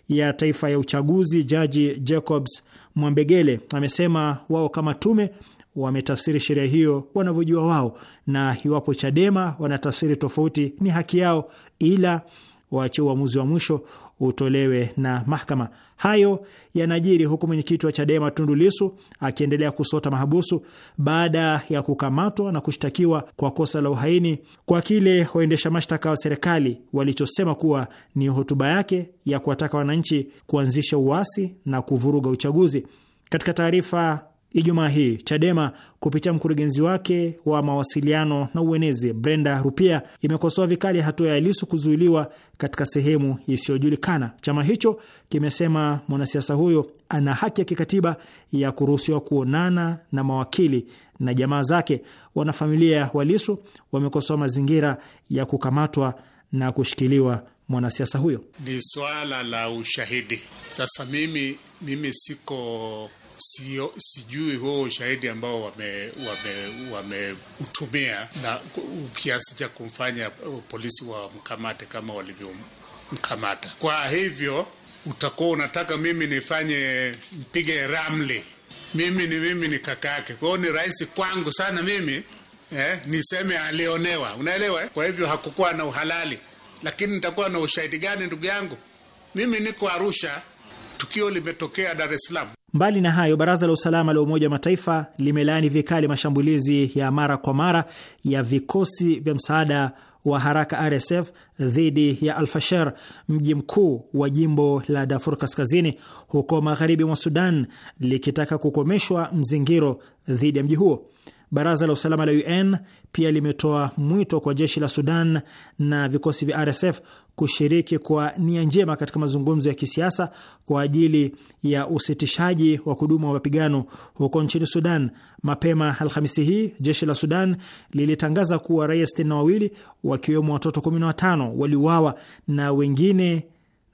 F: ya taifa ya uchaguzi Jaji Jacobs Mwambegele amesema wao kama tume wametafsiri sheria hiyo wanavyojua wao, na iwapo Chadema wanatafsiri tofauti ni haki yao, ila waache uamuzi wa mwisho utolewe na mahakama. Hayo yanajiri huku mwenyekiti wa Chadema Tundu Lisu akiendelea kusota mahabusu baada ya kukamatwa na kushtakiwa kwa kosa la uhaini kwa kile waendesha mashtaka wa serikali walichosema kuwa ni hotuba yake ya kuwataka wananchi kuanzisha uasi na kuvuruga uchaguzi. Katika taarifa Ijumaa hii Chadema kupitia mkurugenzi wake wa mawasiliano na uenezi Brenda Rupia imekosoa vikali hatua ya Lisu kuzuiliwa katika sehemu isiyojulikana. Chama hicho kimesema mwanasiasa huyo ana haki ya kikatiba ya kuruhusiwa kuonana na mawakili na jamaa zake. Wanafamilia wa Lisu wamekosoa mazingira ya kukamatwa na kushikiliwa mwanasiasa huyo.
C: Ni swala la ushahidi. Sasa mimi, mimi siko Sio, sijui huo ushahidi ambao wameutumia wame, wame na kiasi cha kumfanya polisi wamkamate kama walivyomkamata. Kwa hivyo utakuwa unataka mimi nifanye mpige ramli, mimi ni mimi ni kaka yake, kwa hiyo ni rahisi kwangu sana mimi eh, niseme alionewa, unaelewa eh? Kwa hivyo hakukuwa na uhalali, lakini nitakuwa na ushahidi gani ndugu yangu? Mimi niko Arusha, tukio limetokea Dar es Salaam.
F: Mbali na hayo, baraza la usalama la Umoja wa Mataifa limelaani vikali mashambulizi ya mara kwa mara ya vikosi vya msaada wa haraka RSF dhidi ya Alfasher, mji mkuu wa jimbo la Darfur Kaskazini huko magharibi mwa Sudan, likitaka kukomeshwa mzingiro dhidi ya mji huo. Baraza la usalama la UN pia limetoa mwito kwa jeshi la Sudan na vikosi vya RSF kushiriki kwa nia njema katika mazungumzo ya kisiasa kwa ajili ya usitishaji wa kudumu wa mapigano huko nchini Sudan. Mapema Alhamisi hii jeshi la Sudan lilitangaza kuwa raia sitini na wawili wakiwemo watoto 15 waliuawa na wengine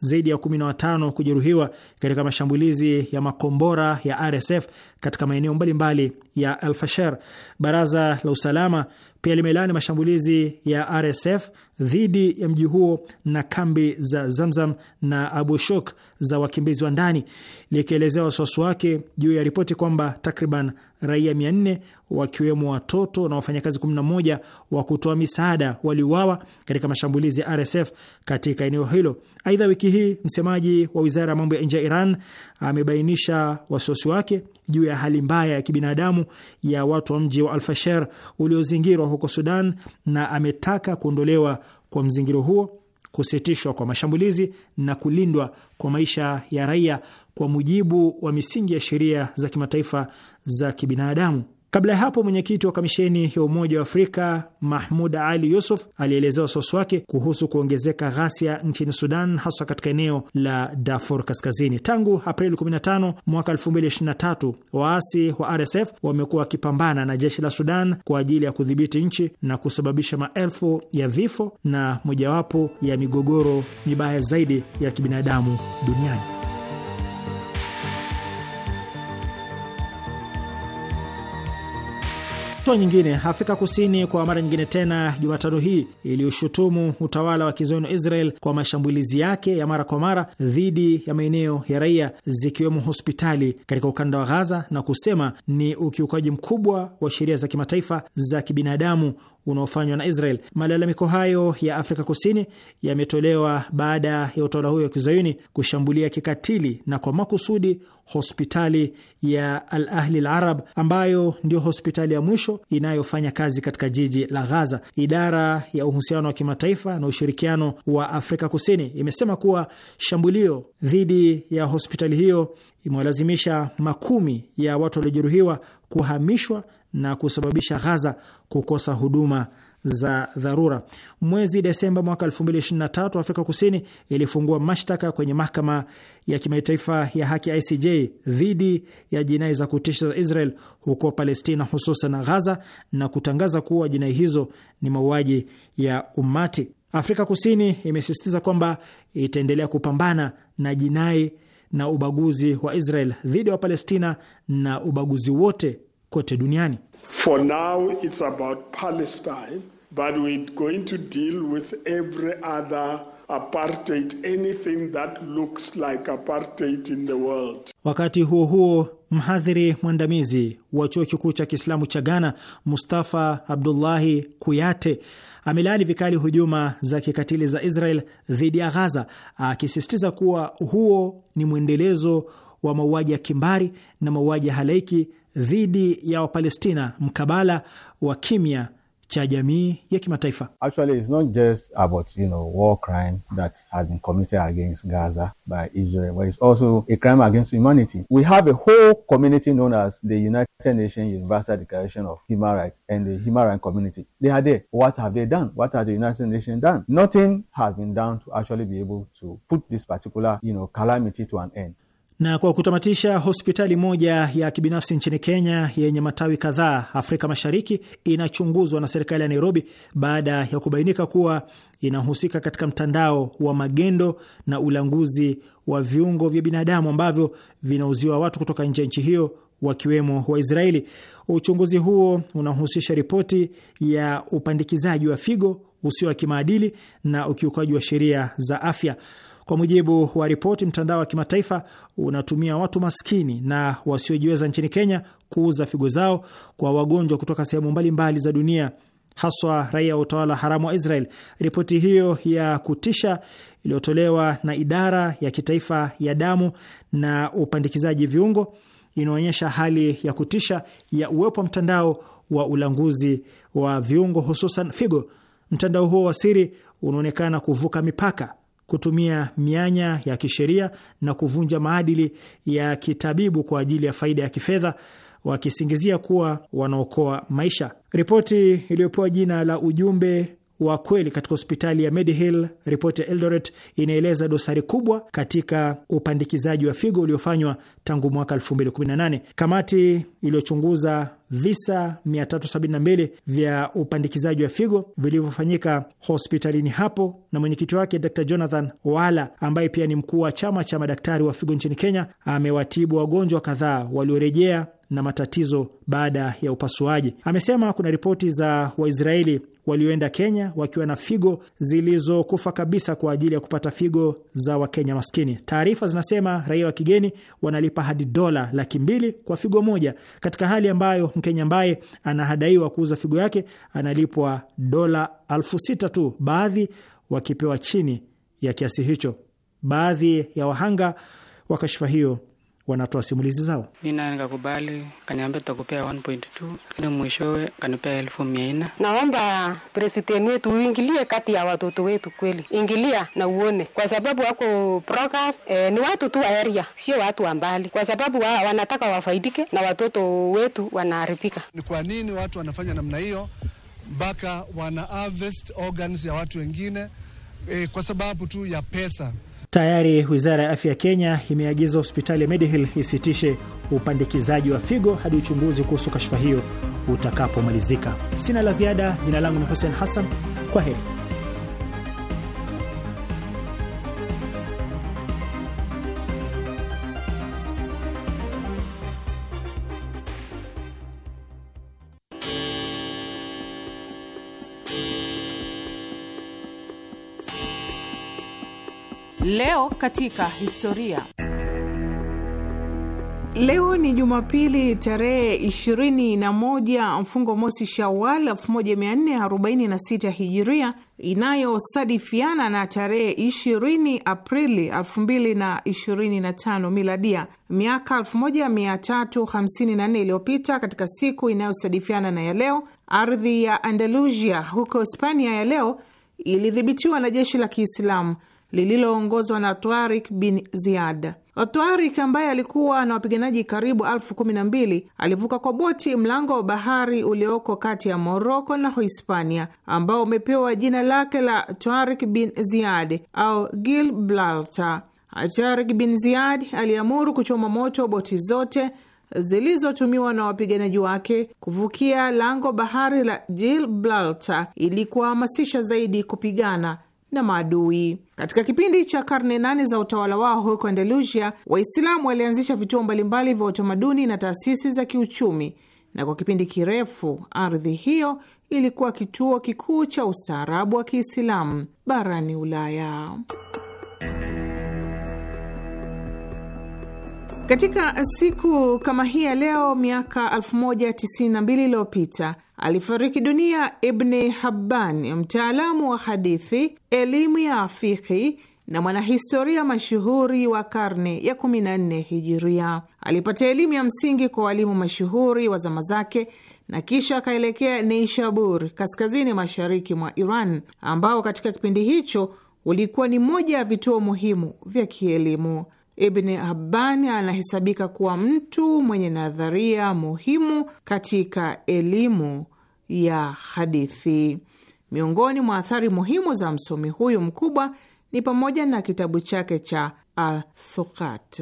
F: zaidi ya 15 kujeruhiwa katika mashambulizi ya makombora ya RSF katika maeneo mbalimbali ya Alfasher. Baraza la usalama pia limelaani mashambulizi ya RSF dhidi ya mji huo na kambi za Zamzam na Abu Shuk za wakimbizi wa ndani, likielezea wasiwasi wake juu ya ripoti kwamba takriban raia 400 wakiwemo watoto na wafanyakazi 11 wa kutoa misaada waliuawa katika mashambulizi ya RSF katika eneo hilo. Aidha, wiki hii msemaji wa wizara ya mambo ya nje ya Iran amebainisha wasiwasi wake juu ya hali mbaya ya kibinadamu ya watu wa mji wa Alfasher uliozingirwa huko Sudan, na ametaka kuondolewa kwa mzingiro huo, kusitishwa kwa mashambulizi na kulindwa kwa maisha ya raia kwa mujibu wa misingi ya sheria za kimataifa za kibinadamu. Kabla ya hapo mwenyekiti wa kamisheni ya Umoja wa Afrika Mahmud Ali Yusuf alielezea wasiwasi wake kuhusu kuongezeka ghasia nchini Sudan, haswa katika eneo la Darfur Kaskazini. Tangu Aprili 15 mwaka 2023, waasi wa RSF wamekuwa wakipambana na jeshi la Sudan kwa ajili ya kudhibiti nchi na kusababisha maelfu ya vifo na mojawapo ya migogoro mibaya zaidi ya kibinadamu duniani. Hatua nyingine, Afrika Kusini kwa mara nyingine tena Jumatano hii iliyoshutumu utawala wa kizayuni Israel kwa mashambulizi yake ya mara kwa mara dhidi ya maeneo ya raia zikiwemo hospitali katika ukanda wa Ghaza na kusema ni ukiukaji mkubwa wa sheria za kimataifa za kibinadamu unaofanywa na Israel. Malalamiko hayo ya Afrika Kusini yametolewa baada ya utawala huyo wa kizayuni kushambulia kikatili na kwa makusudi hospitali ya Al Ahli Al Arab ambayo ndio hospitali ya mwisho inayofanya kazi katika jiji la Ghaza. Idara ya uhusiano wa kimataifa na ushirikiano wa Afrika Kusini imesema kuwa shambulio dhidi ya hospitali hiyo imewalazimisha makumi ya watu waliojeruhiwa kuhamishwa na kusababisha Ghaza kukosa huduma za dharura. Mwezi Desemba mwaka 2023 Afrika Kusini ilifungua mashtaka kwenye mahakama ya kimataifa ya haki ICJ dhidi ya jinai za kutisha za Israel huko Palestina, hususan Ghaza, na kutangaza kuwa jinai hizo ni mauaji ya umati. Afrika Kusini imesisitiza kwamba itaendelea kupambana na jinai na ubaguzi wa Israel dhidi ya Wapalestina na ubaguzi wote kote duniani. For now it's about Palestine, but we're going to deal with every other apartheid, anything that looks like apartheid in the world. Wakati huo huo mhadhiri mwandamizi wa chuo kikuu cha Kiislamu cha Ghana Mustafa Abdullahi Kuyate amelaani vikali hujuma za kikatili za Israel dhidi ya Ghaza, akisisitiza kuwa huo ni mwendelezo wa mauaji ya kimbari na mauaji ya halaiki dhidi ya Wapalestina mkabala wa kimya cha jamii ya kimataifa.
E: Actually, it's not just about, you know, war crime that has been committed against Gaza by Israel, but it's also a crime against humanity. We have a whole community known as the United Nations Universal Declaration of Human Rights and the human rights community. They are there. What have they done? What has the United Nations done? Nothing has been done to actually be able to put this particular, you know, calamity to an end.
F: Na kwa kutamatisha, hospitali moja ya kibinafsi nchini Kenya yenye matawi kadhaa Afrika Mashariki inachunguzwa na serikali ya Nairobi baada ya kubainika kuwa inahusika katika mtandao wa magendo na ulanguzi wa viungo vya binadamu ambavyo vinauziwa watu kutoka nje ya nchi hiyo wakiwemo Waisraeli. Uchunguzi huo unahusisha ripoti ya upandikizaji wa figo usio wa kimaadili na ukiukaji wa sheria za afya. Kwa mujibu wa ripoti, mtandao wa kimataifa unatumia watu maskini na wasiojiweza nchini Kenya kuuza figo zao kwa wagonjwa kutoka sehemu mbalimbali za dunia, haswa raia wa utawala haramu wa Israel. Ripoti hiyo ya kutisha iliyotolewa na idara ya kitaifa ya damu na upandikizaji viungo inaonyesha hali ya kutisha ya uwepo wa mtandao wa ulanguzi wa viungo, hususan figo. Mtandao huo wa siri unaonekana kuvuka mipaka kutumia mianya ya kisheria na kuvunja maadili ya kitabibu kwa ajili ya faida ya kifedha wakisingizia kuwa wanaokoa maisha. Ripoti iliyopewa jina la ujumbe wa kweli katika hospitali ya Medihill, ripoti ya Eldoret inaeleza dosari kubwa katika upandikizaji wa figo uliofanywa tangu mwaka 2018. Kamati iliyochunguza visa 372 vya upandikizaji wa figo vilivyofanyika hospitalini hapo na mwenyekiti wake Dr Jonathan Wala, ambaye pia ni mkuu wa chama cha madaktari wa figo nchini Kenya, amewatibu wagonjwa kadhaa waliorejea na matatizo baada ya upasuaji. Amesema kuna ripoti za Waisraeli walioenda Kenya wakiwa na figo zilizokufa kabisa kwa ajili ya kupata figo za Wakenya maskini. Taarifa zinasema raia wa kigeni wanalipa hadi dola laki mbili kwa figo moja, katika hali ambayo Mkenya ambaye anahadaiwa kuuza figo yake analipwa dola elfu sita tu, baadhi wakipewa chini ya kiasi hicho. Baadhi ya wahanga wa kashfa hiyo wanatoa simulizi zao.
D: nikakubali,
A: kaniambia tutakupea 1.2 mwishowe kanipea elfu mia nne.
F: Naomba presiden wetu uingilie kati ya watoto wetu kweli, ingilia na uone, kwa sababu wako progress, eh, ni watu tu wa area, sio watu wa mbali, kwa sababu wa, wanataka wafaidike na
D: watoto
F: wetu wanaharibika. Ni kwa nini watu wanafanya namna hiyo mpaka wana harvest organs ya watu wengine eh, kwa sababu tu ya pesa. Tayari wizara ya afya ya Kenya imeagiza hospitali ya Medihill isitishe upandikizaji wa figo hadi uchunguzi kuhusu kashfa hiyo utakapomalizika. Sina la ziada. Jina langu ni Hussein Hassan, kwa heri.
D: Leo katika historia. Leo ni Jumapili tarehe 21 mfungo mosi Shawal 1446 Hijiria inayosadifiana na tarehe 20 Aprili 2025 miladia. Miaka 1354 iliyopita katika siku inayosadifiana na ya leo, ardhi ya Andalusia huko Hispania ya leo ilidhibitiwa na jeshi la Kiislamu lililoongozwa na Twarik bin Ziad. Twarik ambaye alikuwa na wapiganaji karibu elfu kumi na mbili alivuka kwa boti mlango wa bahari ulioko kati ya Moroko na Hispania ambao umepewa jina lake la Twarik bin Ziad au Gibraltar. Twarik bin Ziad aliamuru kuchoma moto boti zote zilizotumiwa na wapiganaji wake kuvukia lango bahari la Gibraltar ili kuwahamasisha zaidi kupigana na maadui. Katika kipindi cha karne nane za utawala wao huko Andalusia, Waislamu walianzisha vituo mbalimbali vya utamaduni na taasisi za kiuchumi, na kwa kipindi kirefu ardhi hiyo ilikuwa kituo kikuu cha ustaarabu wa Kiislamu barani Ulaya. Katika siku kama hii ya leo miaka 1092 iliyopita alifariki dunia Ibni Habban, mtaalamu wa hadithi, elimu ya afiki na mwanahistoria mashuhuri wa karne ya 14 Hijiria. Alipata elimu ya msingi kwa walimu mashuhuri wa zama zake na kisha akaelekea Neishabur, kaskazini mashariki mwa Iran, ambao katika kipindi hicho ulikuwa ni moja ya vituo muhimu vya kielimu ibn Habban anahesabika kuwa mtu mwenye nadharia muhimu katika elimu ya hadithi. Miongoni mwa athari muhimu za msomi huyu mkubwa ni pamoja na kitabu chake cha Athukat.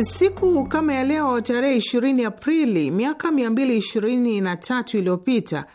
D: Siku kama ya leo tarehe 20 Aprili miaka 223 iliyopita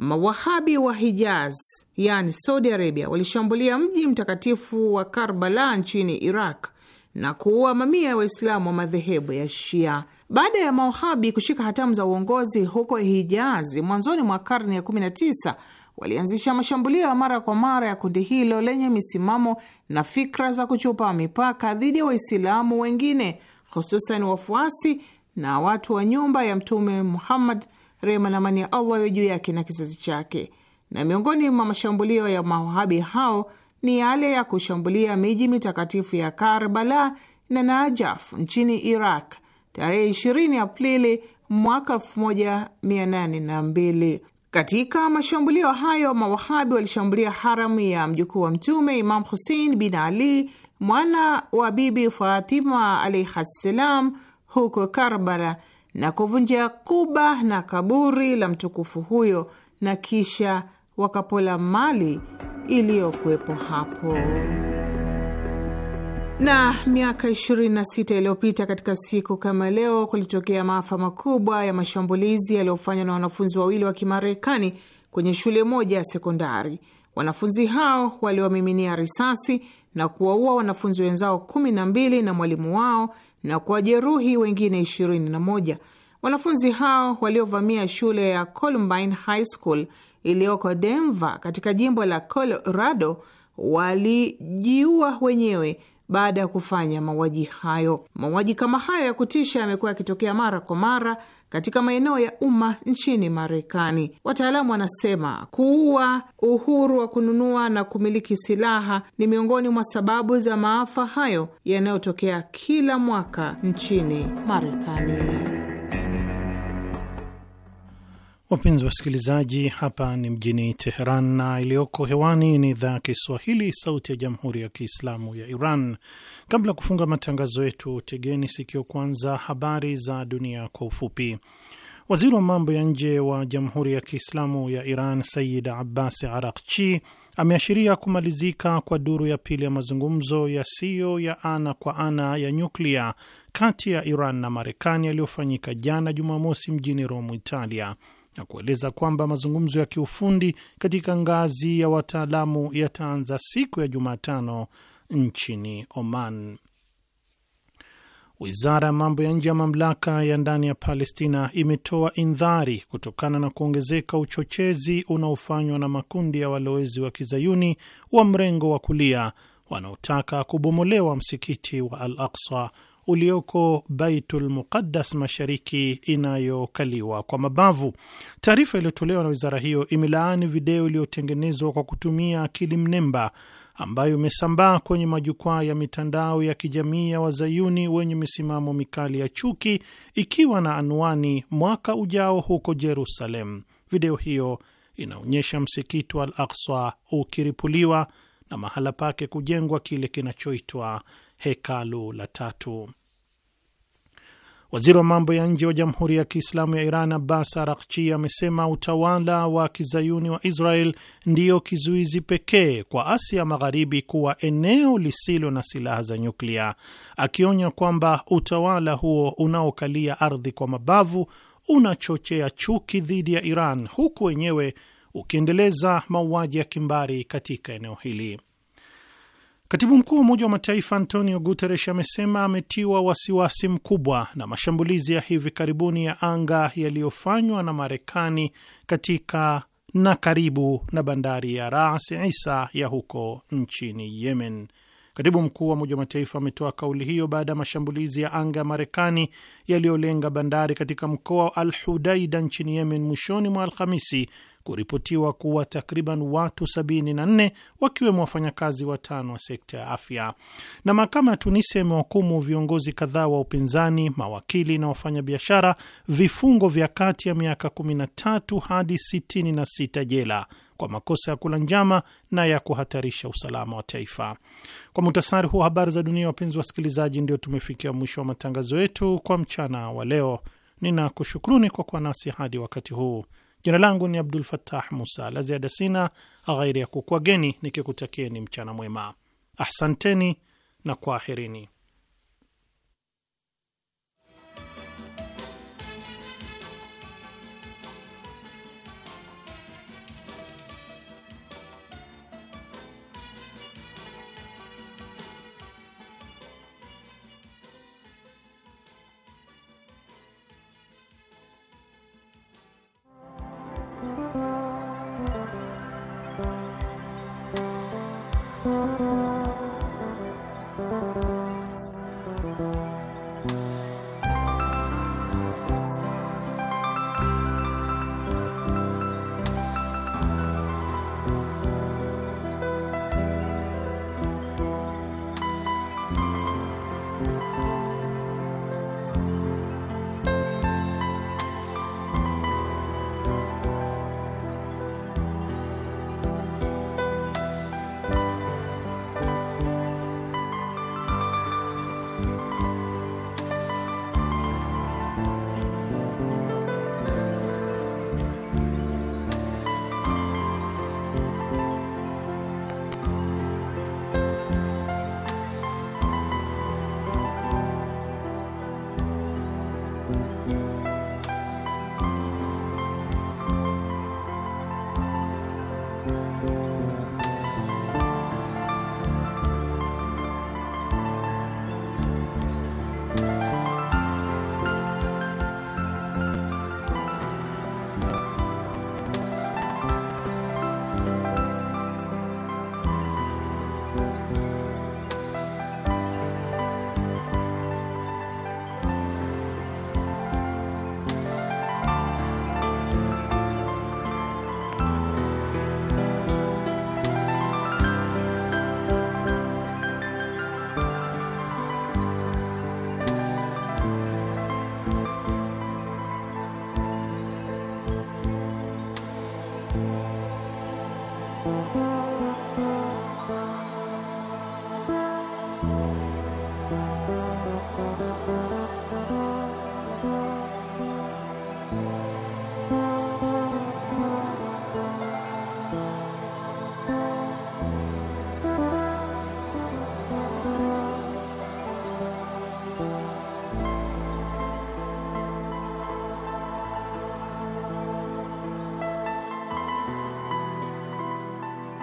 D: Mawahabi wa Hijaz yani Saudi Arabia walishambulia mji mtakatifu wa Karbala nchini Iraq na kuua mamia ya Waislamu wa madhehebu ya Shia. Baada ya mawahabi kushika hatamu za uongozi huko Hijazi mwanzoni mwa karne ya 19, walianzisha mashambulio ya mara kwa mara ya kundi hilo lenye misimamo na fikra za kuchupa mipaka dhidi ya Waislamu wengine, hususan wafuasi na watu wa nyumba ya Mtume Muhammad rehema na amani ya Allah iwe juu yake na kizazi chake. Na miongoni mwa mashambulio ya mawahabi hao ni yale ya kushambulia miji mitakatifu ya Karbala na Najaf nchini Iraq tarehe 20 Aprili mwaka 1802. Katika mashambulio hayo mawahabi walishambulia haramu ya mjukuu wa Mtume Imam Husein bin Ali mwana wa Bibi Fatima alaihi ssalam huko Karbala na kuvunja kuba na kaburi la mtukufu huyo na kisha wakapola mali iliyokuwepo hapo. Na miaka 26 iliyopita katika siku kama leo, kulitokea maafa makubwa ya mashambulizi yaliyofanywa na wanafunzi wawili wa Kimarekani kwenye shule moja ya sekondari. Wanafunzi hao waliwamiminia risasi na kuwaua wanafunzi wenzao kumi na mbili na mwalimu wao na kuwajeruhi wengine 21. Wanafunzi hao waliovamia shule ya Columbine High School iliyoko Denver katika jimbo la Colorado walijiua wenyewe baada ya kufanya mauaji hayo. Mauaji kama hayo ya kutisha yamekuwa yakitokea mara kwa mara katika maeneo ya umma nchini Marekani. Wataalamu wanasema kuua uhuru wa kununua na kumiliki silaha ni miongoni mwa sababu za maafa hayo yanayotokea kila mwaka nchini Marekani.
C: Wapenzi wasikilizaji, hapa ni mjini Teheran na iliyoko hewani ni idhaa ya Kiswahili, sauti ya jamhuri ya kiislamu ya Iran. Kabla ya kufunga matangazo yetu, tegeni sikio kwanza habari za dunia kwa ufupi. Waziri wa mambo ya nje wa jamhuri ya kiislamu ya Iran Sayid Abbas Arakchi ameashiria kumalizika kwa duru ya pili ya mazungumzo yasiyo ya ana kwa ana ya nyuklia kati ya Iran na Marekani yaliyofanyika jana Jumamosi mjini romu Italia na kueleza kwamba mazungumzo ya kiufundi katika ngazi ya wataalamu yataanza siku ya Jumatano nchini Oman. Wizara ya mambo ya nje ya mamlaka ya ndani ya Palestina imetoa indhari kutokana na kuongezeka uchochezi unaofanywa na makundi ya walowezi wa kizayuni wa mrengo wa kulia wanaotaka kubomolewa msikiti wa Al Aksa ulioko Baitul Muqaddas mashariki inayokaliwa kwa mabavu. Taarifa iliyotolewa na wizara hiyo imelaani video iliyotengenezwa kwa kutumia akili mnemba ambayo imesambaa kwenye majukwaa ya mitandao ya kijamii ya wazayuni wenye misimamo mikali ya chuki ikiwa na anwani mwaka ujao huko Jerusalem. Video hiyo inaonyesha msikiti wa Al Aksa ukiripuliwa na mahala pake kujengwa kile kinachoitwa hekalu la tatu. Waziri wa mambo ya nje wa Jamhuri ya Kiislamu ya Iran Abbas Arakchi amesema utawala wa kizayuni wa Israel ndiyo kizuizi pekee kwa Asia Magharibi kuwa eneo lisilo na silaha za nyuklia, akionya kwamba utawala huo unaokalia ardhi kwa mabavu unachochea chuki dhidi ya Iran huku wenyewe ukiendeleza mauaji ya kimbari katika eneo hili. Katibu mkuu wa Umoja wa Mataifa Antonio Guterres amesema ametiwa wasiwasi mkubwa na mashambulizi ya hivi karibuni ya anga yaliyofanywa na Marekani katika na karibu na bandari ya Ras Isa ya huko nchini Yemen. Katibu mkuu wa Umoja wa Mataifa ametoa kauli hiyo baada ya mashambulizi ya anga ya Marekani yaliyolenga bandari katika mkoa wa Al Hudaida nchini Yemen mwishoni mwa Alhamisi kuripotiwa kuwa takriban watu 74 wakiwemo wafanyakazi watano wa sekta ya afya. Na mahakama ya Tunisia imewahukumu viongozi kadhaa wa upinzani, mawakili na wafanyabiashara vifungo vya kati ya miaka 13 hadi 66 jela kwa makosa ya kula njama na ya kuhatarisha usalama wa taifa. Kwa muhtasari huu habari za dunia, wapenzi wasikilizaji, ndio tumefikia mwisho wa matangazo yetu kwa mchana wa leo. Ninakushukuruni kwa kuwa nasi hadi wakati huu. Jina langu ni Abdul Fattah Musa. La ziada sina ghairi ya kukwageni nikikutakieni mchana mwema. Ahsanteni na kwaherini.